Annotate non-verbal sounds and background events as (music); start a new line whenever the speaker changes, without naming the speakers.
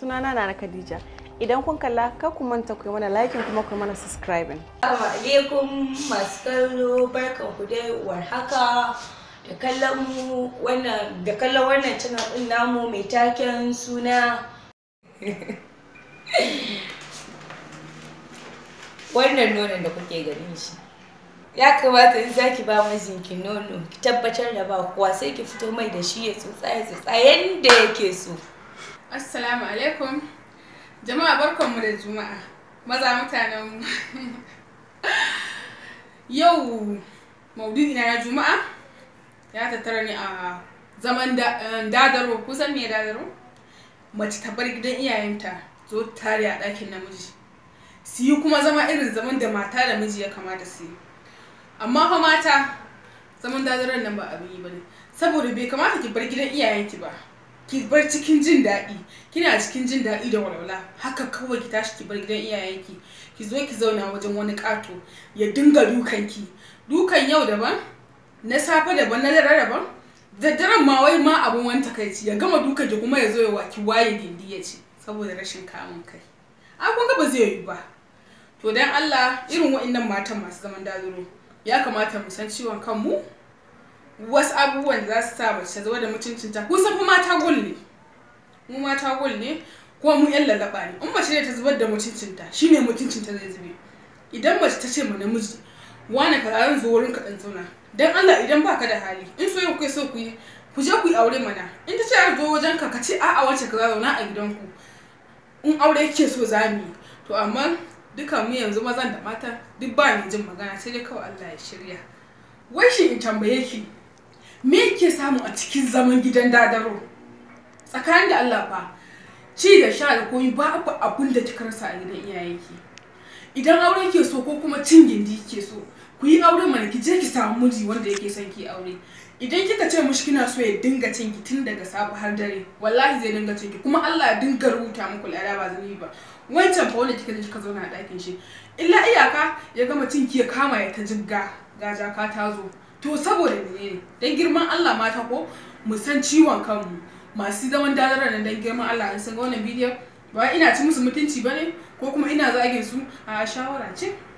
sunana na na Khadija. Idan kun kalla ka ku manta ku mana like kuma ku mana subscribe. Assalamu
alaikum masu kallo ku dai warhaka da kallon mu wannan da kallon wannan channel din namu mai taken suna (laughs) wannan nonon da kuke ganin shi ya kamata in zaki ba mijinki nono ki tabbatar da ba kowa sai ki fito mai da shi ya tsotsa ya tsutsa yanda yake so
Assalamu alaikum. Jama'a mu da Juma'a. Maza mutanen mu. (laughs) Yau maudu'i na Juma'a ya tattara ne a zaman eh, dadaro san me dadaro? Mace ta bar gidan iyayenta zo tare a ɗakin namiji. Su yi kuma zama irin zaman da mata da miji ya kamata su yi. Amma fa mata zaman dadaron nan ba abin yi bane. Saboda bai kamata ki bar gidan iyayenki ba. ki bar cikin jin daɗi kina cikin jin daɗi da walwala haka kawai ki tashi ki bar gidan iyayenki ki zo ki zauna wajen wani ƙato ya dinga dukan ki dukan yau daban na safe daban na dare daban daddaren ma wai ma abin wani takaici ya gama dukan ki kuma ya zo ya waki waye gindi ya ce saboda rashin kamun kai a kun ga ba zai yi ba to dan Allah irin waɗannan matan masu zaman dazuro ya kamata mu san ciwon kanmu wasu abubuwan da za su sa mace zama da mutuncinta ku san mata gul ne mu mata gul ne ko mu yan lalaba ne in mace ta zubar da mutuncinta shine mutuncinta zai zube idan mace ta ce ma namiji wani ka zan zo wurin ka dan zauna dan Allah idan baka da hali in so yau kai so ku yi ku je ku yi aure mana in ta ce a zo wajen ka ka ce a'a wace ka zauna a gidan ku? in aure yake so za yi to amma duka mu yanzu mazan da mata duk ba ni jin magana sai dai kawai Allah ya shirya wai shi in tambaye ki me yake samu a cikin zaman gidan dadaro tsakanin da Allah fa ci da sha da koyi ba abun da kika rasa a gidan ki? idan aure ke so ko kuma cin gindi ke so ku yi aure mana ki je ki samu miji wanda yake son ki aure idan kika ce mushi kina so ya dinga cin ki tun daga safe har dare wallahi zai dinga cin ki kuma Allah ya dinga rubuta muku lada ba zani ba wancan fa wanda kika je kika zauna a ɗakin shi illa iyaka ya gama cin ki ya kama ya ta jigga gaja ka tazo. zo to saboda ne, dan girman Allah mata ko mu san ciwon kanmu masu zaman dadara nan dan girman Allah an san ga wannan bidiyo ba ina ci musu mutunci bane ko kuma ina zagin su a shawara ce